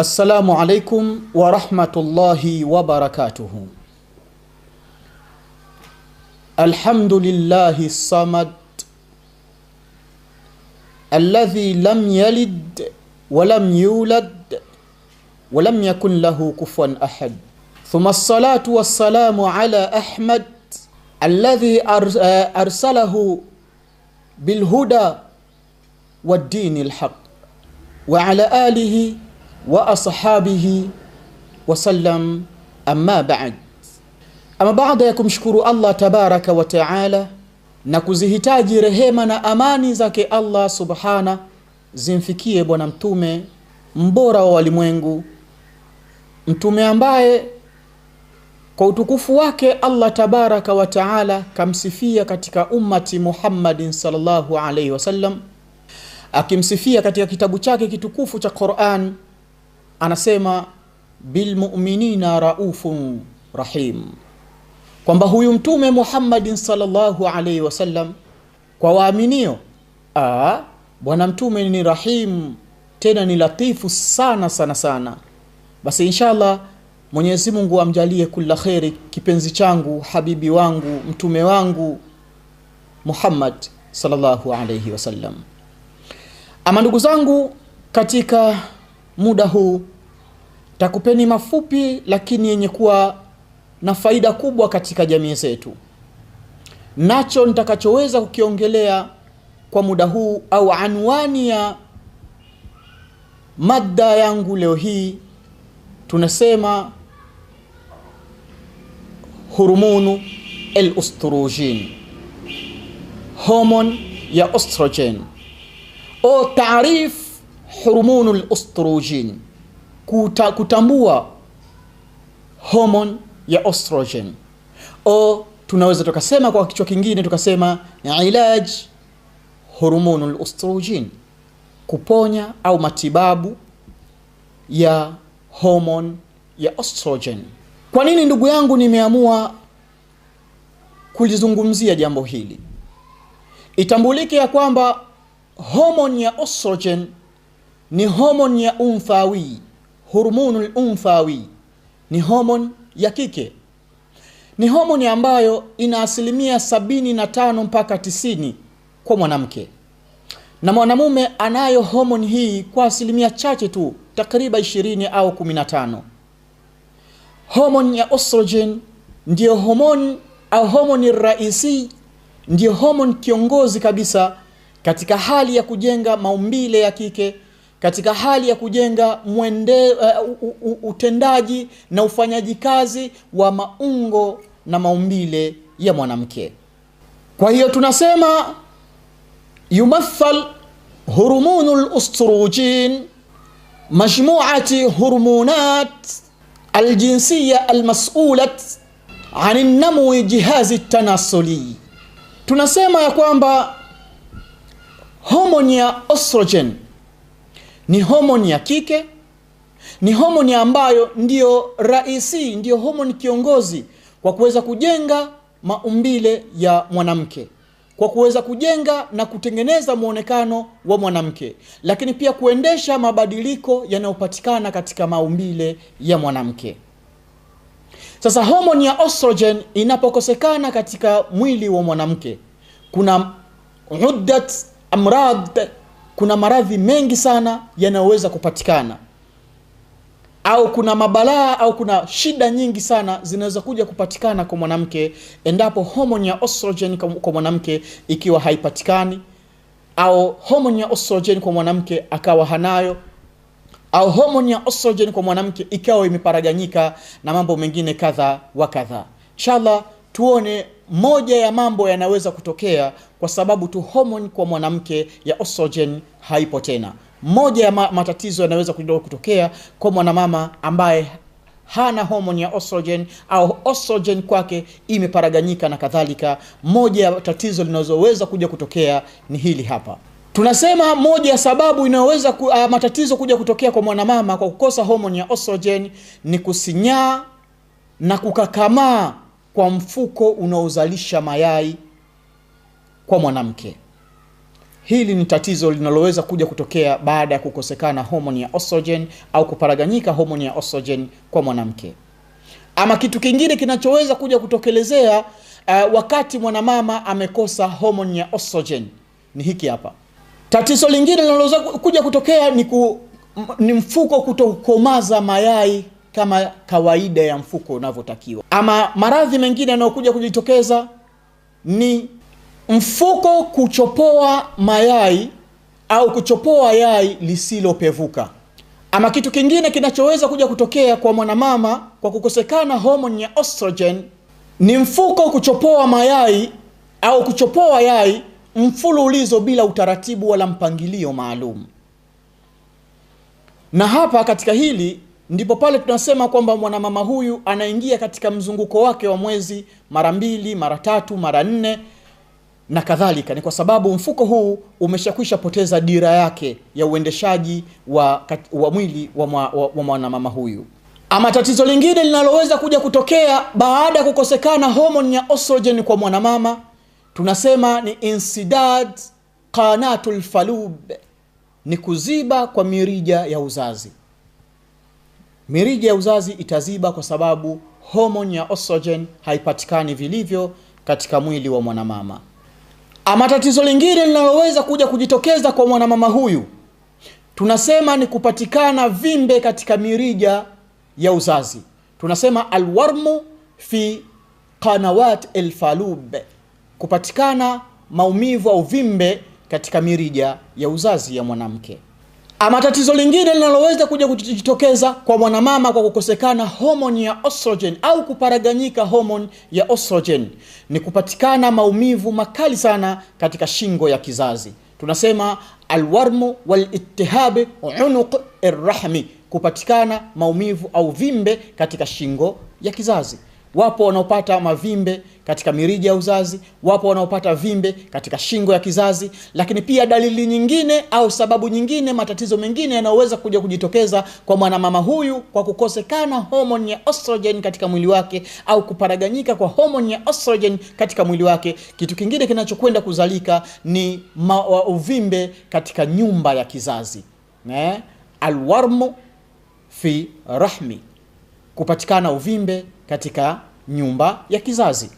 السلام عليكم ورحمة الله وبركاته الحمد لله الصمد الذي لم يلد ولم يولد ولم يكن له كفوا أحد ثم الصلاة والسلام على أحمد الذي آه، أرسله بالهدى والدين الحق وعلى آله wa ashabihi wasallam. Amma baad, ama baada ya kumshukuru Allah tabaraka wa taala na kuzihitaji rehema na amani zake Allah subhana zimfikie Bwana Mtume mbora wa walimwengu, mtume ambaye kwa utukufu wake Allah tabaraka wa taala kamsifia katika ummati Muhammadin sallallahu alaihi wasallam, akimsifia katika kitabu chake kitukufu cha Quran anasema bilmuminina raufun rahim, kwamba huyu Mtume Muhammadin sallallahu alaihi wasallam kwa waaminio, bwana mtume ni rahimu tena ni latifu sana sana sana. Basi inshallah Mwenyezi Mungu amjalie kula kheri kipenzi changu habibi wangu mtume wangu Muhammad sallallahu alaihi wasallam. Ama ndugu zangu katika muda huu takupeni mafupi lakini yenye kuwa na faida kubwa katika jamii zetu. Nacho nitakachoweza kukiongelea kwa muda huu au anwani ya mada yangu leo hii tunasema hormonu al-oestrogen, ya ostrogen o taarifu hormonu ostrogen kuta, kutambua homon ya ostrogen o tunaweza tukasema kwa kichwa kingine tukasema ilaj hormonal estrogen, kuponya au matibabu ya hormon ya ostrojen Kwa nini ndugu yangu nimeamua kulizungumzia jambo hili? Itambulike ya kwamba hormon ya ostrogen ni homon ya umfawi, hormonu umfawi ni homon ya kike, ni homon ambayo ina asilimia sabini na tano mpaka tisini kwa mwanamke, na mwanamume anayo homon hii kwa asilimia chache tu, takriban ishirini au kumi na tano. ya ostrojen ndiyo homon au homoni raisi, ndiyo homon kiongozi kabisa katika hali ya kujenga maumbile ya kike katika hali ya kujenga mwende, uh, utendaji na ufanyaji kazi wa maungo na maumbile ya mwanamke kwa hiyo tunasema yumathal hurumunu lustrujin majmuati hurmunat aljinsiya almasulat ani namui jihazi tanasuli tunasema ya kwamba homon ya ostrogen ni homoni ya kike, ni homoni ambayo ndiyo raisi, ndiyo homoni kiongozi kwa kuweza kujenga maumbile ya mwanamke kwa kuweza kujenga na kutengeneza mwonekano wa mwanamke, lakini pia kuendesha mabadiliko yanayopatikana katika maumbile ya mwanamke. Sasa homoni ya ostrogen inapokosekana katika mwili wa mwanamke, kuna uddat amrad kuna maradhi mengi sana yanayoweza kupatikana au kuna mabalaa au kuna shida nyingi sana zinaweza kuja kupatikana kwa mwanamke endapo homon ya ostrogen kwa mwanamke ikiwa haipatikani au homon ya ostrogen kwa mwanamke akawa hanayo au homon ya ostrogen kwa mwanamke ikawa imeparaganyika na mambo mengine kadha wa kadha. Inshallah tuone moja ya mambo yanaweza kutokea kwa sababu tu homoni kwa mwanamke ya estrogen haipo tena. Moja ya matatizo yanaweza kutokea kwa mwanamama ambaye hana homoni ya estrogen au estrogen kwake imeparaganyika na kadhalika. Moja ya tatizo linazoweza kuja kutokea ni hili hapa. Tunasema moja ya sababu inayoweza ku, uh, matatizo kuja kutokea kwa mwanamama kwa kukosa homoni ya estrogen ni kusinyaa na kukakamaa kwa mfuko unaozalisha mayai kwa mwanamke. Hili ni tatizo linaloweza kuja kutokea baada ya kukosekana homoni ya osogen au kuparaganyika homoni ya osogen kwa mwanamke. Ama kitu kingine kinachoweza kuja kutokelezea uh, wakati mwanamama amekosa homoni ya osogen ni hiki hapa. Tatizo lingine linaloweza kuja kutokea ni, ku, ni mfuko kutokomaza mayai kama kawaida ya mfuko unavyotakiwa. Ama maradhi mengine yanayokuja kujitokeza ni mfuko kuchopoa mayai au kuchopoa yai lisilopevuka. Ama kitu kingine kinachoweza kuja kutokea kwa mwanamama kwa kukosekana homoni ya ostrogen ni mfuko kuchopoa mayai au kuchopoa yai mfululizo bila utaratibu wala mpangilio maalum. Na hapa katika hili ndipo pale tunasema kwamba mwanamama huyu anaingia katika mzunguko wake wa mwezi mara mbili mara tatu mara nne na kadhalika. Ni kwa sababu mfuko huu umeshakwisha poteza dira yake ya uendeshaji wa, wa mwili wa, wa, wa mwanamama huyu. Ama tatizo lingine linaloweza kuja kutokea baada ya kukosekana homoni ya estrogen kwa mwanamama tunasema ni insidad qanatul falub, ni kuziba kwa mirija ya uzazi. Mirija ya uzazi itaziba kwa sababu homoni ya osogen haipatikani vilivyo katika mwili wa mwanamama. Ama tatizo lingine linaloweza kuja kujitokeza kwa mwanamama huyu tunasema ni kupatikana vimbe katika mirija ya uzazi, tunasema alwarmu fi qanawat alfalub, kupatikana maumivu au vimbe katika mirija ya uzazi ya mwanamke. Ama tatizo lingine linaloweza kuja kujitokeza kwa mwanamama kwa kukosekana homoni ya estrogen au kuparaganyika homoni ya estrogen ni kupatikana maumivu makali sana katika shingo ya kizazi, tunasema alwarmu walittihabi unuq arrahmi, kupatikana maumivu au vimbe katika shingo ya kizazi. Wapo wanaopata mavimbe katika mirija ya uzazi, wapo wanaopata vimbe katika shingo ya kizazi. Lakini pia dalili nyingine au sababu nyingine, matatizo mengine yanayoweza kuja kujitokeza kwa mwanamama huyu kwa kukosekana homon ya ostrogen katika mwili wake au kuparaganyika kwa homon ya ostrogen katika mwili wake. Kitu kingine kinachokwenda kuzalika ni uvimbe katika nyumba ya kizazi, alwarmu fi rahmi, kupatikana uvimbe katika nyumba ya kizazi.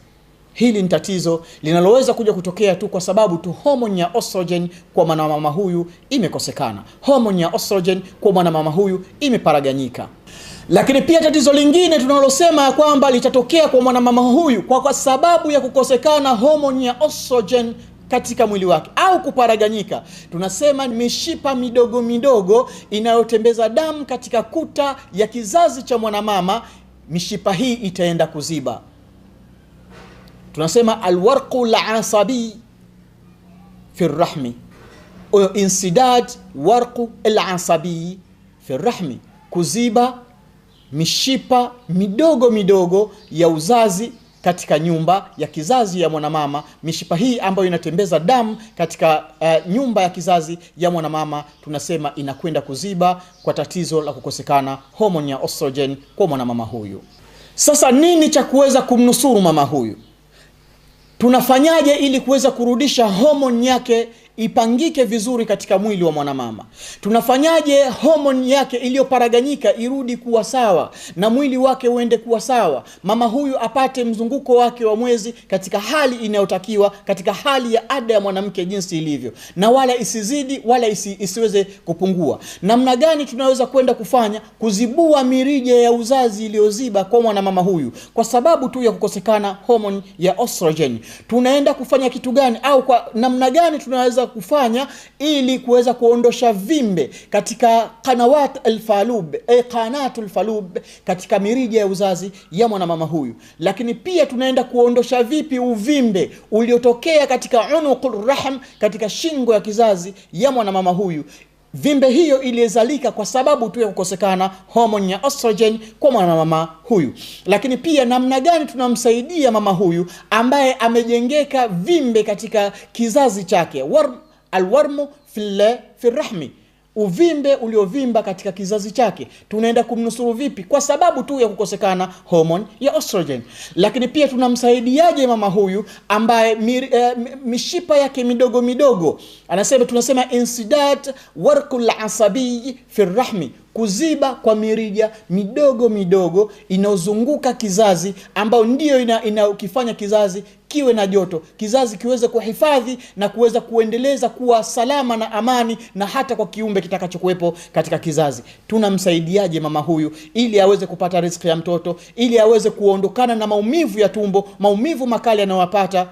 Hili ni tatizo linaloweza kuja kutokea tu kwa sababu tu homoni ya estrogen kwa mwanamama huyu imekosekana, homoni ya estrogen kwa mwanamama huyu imeparaganyika. Lakini pia tatizo lingine tunalosema ya kwamba litatokea kwa mwanamama huyu kwa, kwa sababu ya kukosekana homoni ya estrogen katika mwili wake au kuparaganyika, tunasema mishipa midogo midogo inayotembeza damu katika kuta ya kizazi cha mwanamama mishipa hii itaenda kuziba. Tunasema alwarqu alasabi fi rahmi, insidad warqu alasabi fi rahmi, kuziba mishipa midogo midogo ya uzazi katika nyumba ya kizazi ya mwanamama. Mishipa hii ambayo inatembeza damu katika uh, nyumba ya kizazi ya mwanamama tunasema inakwenda kuziba kwa tatizo la kukosekana homoni ya estrogen kwa mwanamama huyu. Sasa nini cha kuweza kumnusuru mama huyu? Tunafanyaje ili kuweza kurudisha homoni yake ipangike vizuri katika mwili wa mwanamama. Tunafanyaje homoni yake iliyoparaganyika irudi kuwa sawa na mwili wake uende kuwa sawa, mama huyu apate mzunguko wake wa mwezi katika hali inayotakiwa, katika hali ya ada ya mwanamke jinsi ilivyo, na wala isizidi wala isi, isiweze kupungua. Namna gani tunaweza kwenda kufanya kuzibua mirija ya uzazi iliyoziba kwa mwanamama huyu kwa sababu tu ya kukosekana homoni ya ostrogeni? Tunaenda kufanya kitu gani au kwa namna gani tunaweza kufanya ili kuweza kuondosha vimbe katika kanawat alfalub e, qanatu alfalub katika mirija ya uzazi ya mwanamama huyu lakini pia tunaenda kuondosha vipi uvimbe uliotokea katika unuqul rahm katika shingo ya kizazi ya mwanamama huyu vimbe hiyo iliyezalika kwa sababu tu ya kukosekana homoni ya estrogen kwa mwanamama huyu, lakini pia namna gani tunamsaidia mama huyu ambaye amejengeka vimbe katika kizazi chake, warm alwarmu fi rahmi uvimbe uliovimba katika kizazi chake tunaenda kumnusuru vipi kwa sababu tu ya kukosekana homon ya estrogen lakini pia tunamsaidiaje mama huyu ambaye mir, eh, mishipa yake midogo midogo anasema tunasema insidat warkul asabiyi fi rahmi kuziba kwa mirija midogo midogo inayozunguka kizazi ambayo ndiyo inakifanya ina kizazi kiwe na joto, kizazi kiweze kuhifadhi na kuweza kuendeleza kuwa salama na amani, na hata kwa kiumbe kitakachokuwepo katika kizazi. Tunamsaidiaje mama huyu ili aweze kupata riziki ya mtoto, ili aweze kuondokana na maumivu ya tumbo, maumivu makali anayopata?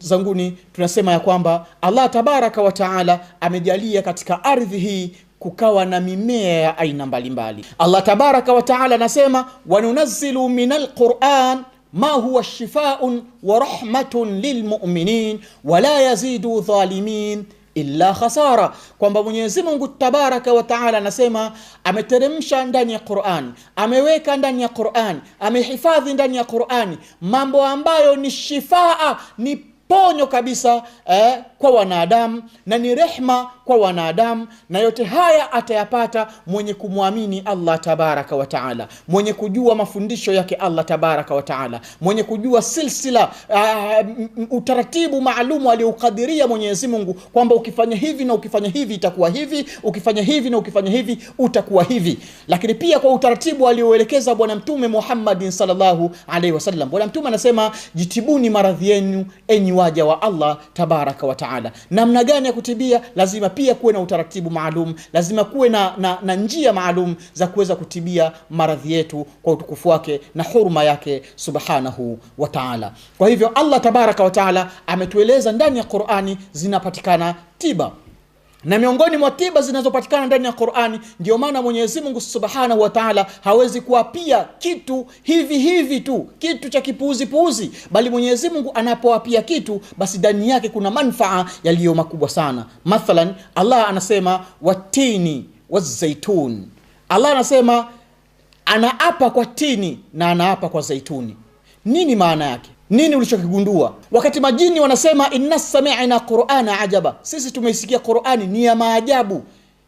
zanguni, tunasema ya kwamba Allah tabaraka wa taala amejalia katika ardhi hii kukawa na mimea ya aina mbalimbali. Allah tabaraka wa taala anasema, wanunazilu min alquran ma huwa shifaun wa rahmatun lilmuminin wala yazidu dhalimin illa khasara, kwamba Mwenyezi Mungu tabaraka wa taala anasema ameteremsha ndani ya Qur'an, ameweka ndani ya Qur'an, amehifadhi ndani ya Qur'an mambo ambayo ni shifaa, ni ponyo kabisa eh, kwa wanadamu na ni rehma kwa wanadamu, na yote haya atayapata mwenye kumwamini Allah tabaraka wataala mwenye kujua mafundisho yake Allah tabaraka wataala mwenye kujua silsila uh, utaratibu maalumu aliyoukadhiria mwenyezimungu kwamba ukifanya hivi na ukifanya hivi itakuwa hivi, ukifanya hivi na ukifanya hivi utakuwa hivi, lakini pia kwa utaratibu alioelekeza Bwana Mtume Muhammadin salllahu alaihi wasallam. Bwana Mtume anasema jitibuni maradhi yenu, enyi waja wa Allah tabaraka wataala Namna gani ya kutibia lazima pia kuwe na utaratibu maalum, lazima kuwe na, na, na njia maalum za kuweza kutibia maradhi yetu kwa utukufu wake na huruma yake subhanahu wa taala. Kwa hivyo Allah tabaraka wa taala ametueleza ndani ya Qurani zinapatikana tiba na miongoni mwa tiba zinazopatikana ndani ya Qurani. Ndio maana Mwenyezi Mungu subhanahu wa taala hawezi kuapia kitu hivi hivi tu, kitu cha kipuuzipuuzi, bali Mwenyezi Mungu anapoapia kitu, basi ndani yake kuna manfaa yaliyo makubwa sana. Mathalan, Allah anasema watini wazaitun. Allah anasema anaapa kwa tini na anaapa kwa zaituni. Nini maana yake? Nini ulichokigundua? Wakati majini wanasema inna sami'na qur'ana ajaba, sisi tumeisikia Qur'ani ni ya maajabu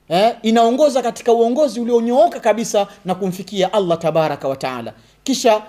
eh, inaongoza katika uongozi ulionyooka kabisa na kumfikia Allah tabaraka wa taala. Kisha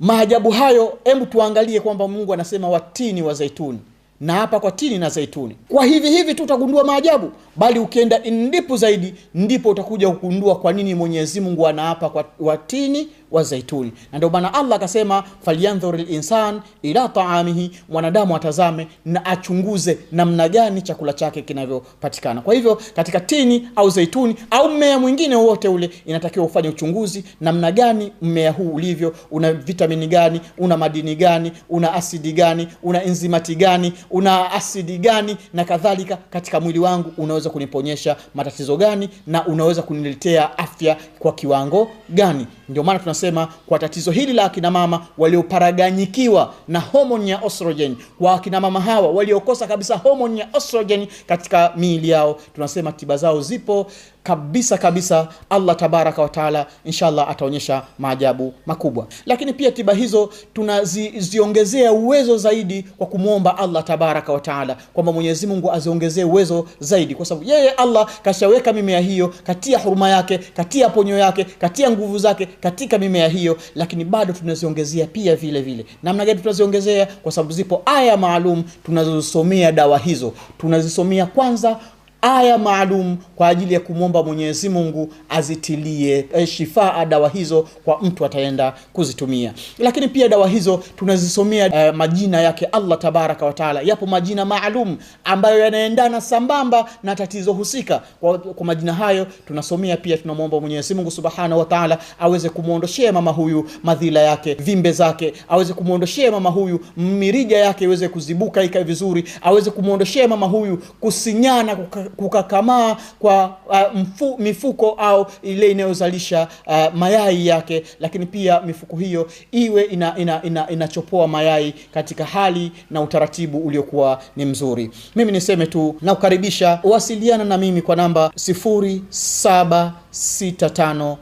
maajabu hayo, hebu tuangalie kwamba Mungu anasema watini wa zaituni na hapa kwa tini na zaituni, kwa hivi hivi tu utagundua maajabu, bali ukienda ndipo zaidi, ndipo utakuja kugundua kwa nini Mwenyezi Mungu anaapa kwa watini wa zaituni. Na ndio maana Allah akasema falyandhur linsan ila taamihi, mwanadamu atazame na achunguze namna gani chakula chake kinavyopatikana. Kwa hivyo katika tini au zaituni au mmea mwingine wowote ule, inatakiwa ufanye uchunguzi, namna gani mmea huu ulivyo, una vitamini gani, una madini gani, una asidi gani, una enzimati gani, una asidi gani na kadhalika, katika mwili wangu unaweza kuniponyesha matatizo gani na unaweza kuniletea afya kwa kiwango gani? Ndio maana tuna anasema kwa tatizo hili la mama walioparaganyikiwa na homoni ya ostrogen kwa mama hawa waliokosa kabisa homoni ya ostrogen katika miili yao, tunasema tiba zao zipo kabisa kabisa Allah tabaraka wa taala inshallah ataonyesha maajabu makubwa. Lakini pia tiba hizo tunaziongezea uwezo zaidi kwa kumwomba Allah tabaraka wa taala kwamba Mwenyezi Mungu aziongezee uwezo zaidi, kwa sababu yeye Allah kashaweka mimea hiyo katia huruma yake, katia ponyo yake, katia nguvu zake katika mimea hiyo, lakini bado tunaziongezea pia vile vile. Namna gani tunaziongezea? Kwa sababu zipo aya maalum tunazosomea dawa hizo, tunazisomea kwanza aya maalum kwa ajili ya kumwomba Mwenyezi Mungu azitilie e, shifaa dawa hizo kwa mtu ataenda kuzitumia. Lakini pia dawa hizo tunazisomea e, majina yake Allah tabaraka wa taala. Yapo majina maalum ambayo yanaendana sambamba na tatizo husika. Kwa, kwa majina hayo tunasomea pia, tunamwomba Mwenyezi Mungu subhanahu wa taala aweze kumwondoshea mama huyu madhila yake, vimbe zake, aweze kumwondoshea mama huyu mirija yake iweze kuzibuka ikae vizuri, aweze kumwondoshea mama huyu kusinyana kuka, kukakamaa kwa uh, mfu, mifuko au ile inayozalisha uh, mayai yake, lakini pia mifuko hiyo iwe ina, ina, ina, inachopoa mayai katika hali na utaratibu uliokuwa ni mzuri. Mimi niseme tu na kukaribisha, wasiliana na mimi kwa namba 0765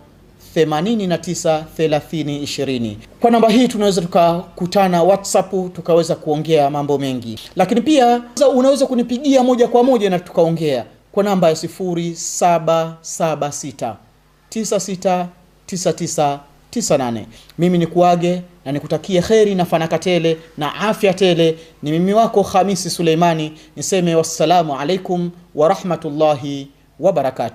89 Kwa namba hii tunaweza tukakutana WhatsApp tukaweza kuongea mambo mengi, lakini pia unaweza kunipigia moja kwa moja na tukaongea kwa namba ya 0776969998. Mimi ni kuage na nikutakie kheri na fanaka tele na afya tele. Ni mimi wako Hamisi Suleimani, niseme wassalamu alaikum warahmatullahi wabarakatuh.